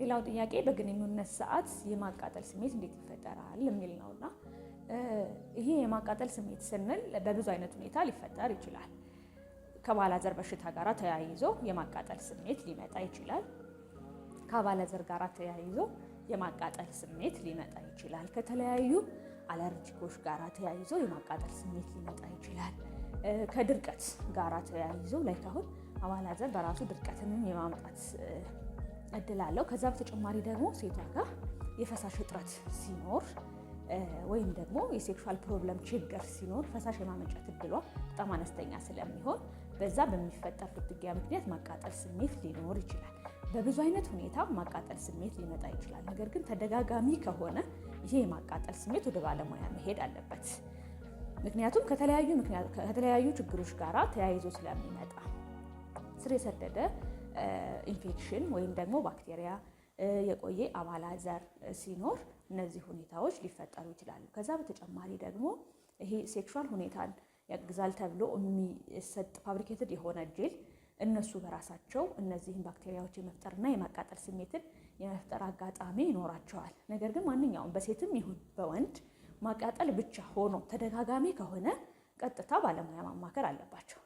ሌላው ጥያቄ በግንኙነት ሰዓት የማቃጠል ስሜት እንዴት ይፈጠራል የሚል ነው እና ይሄ የማቃጠል ስሜት ስንል በብዙ አይነት ሁኔታ ሊፈጠር ይችላል። ከባላዘር በሽታ ጋር ተያይዞ የማቃጠል ስሜት ሊመጣ ይችላል። ከባላዘር ጋር ተያይዞ የማቃጠል ስሜት ሊመጣ ይችላል። ከተለያዩ አለርጂኮች ጋር ተያይዞ የማቃጠል ስሜት ሊመጣ ይችላል። ከድርቀት ጋር ተያይዞ ላይ ካሁን አባላዘር በራሱ ድርቀትንም የማምጣት እድል አለው። ከዛ በተጨማሪ ደግሞ ሴቷ ጋር የፈሳሽ እጥረት ሲኖር ወይም ደግሞ የሴክሹዋል ፕሮብለም ችግር ሲኖር ፈሳሽ የማመንጨት እድሏ በጣም አነስተኛ ስለሚሆን በዛ በሚፈጠር ፍትጊያ ምክንያት ማቃጠል ስሜት ሊኖር ይችላል። በብዙ አይነት ሁኔታ ማቃጠል ስሜት ሊመጣ ይችላል። ነገር ግን ተደጋጋሚ ከሆነ ይሄ የማቃጠል ስሜት ወደ ባለሙያ መሄድ አለበት። ምክንያቱም ከተለያዩ ችግሮች ጋራ ተያይዞ ስለሚመጣ ስር የሰደደ ኢንፌክሽን ወይም ደግሞ ባክቴሪያ፣ የቆየ አባላ ዘር ሲኖር እነዚህ ሁኔታዎች ሊፈጠሩ ይችላሉ። ከዛ በተጨማሪ ደግሞ ይሄ ሴክሹዋል ሁኔታን ያግዛል ተብሎ የሚሰጥ ፋብሪኬትድ የሆነ ጄል እነሱ በራሳቸው እነዚህን ባክቴሪያዎች የመፍጠርና የማቃጠል ስሜትን የመፍጠር አጋጣሚ ይኖራቸዋል። ነገር ግን ማንኛውም በሴትም ይሁን በወንድ ማቃጠል ብቻ ሆኖ ተደጋጋሚ ከሆነ ቀጥታ ባለሙያ ማማከር አለባቸው።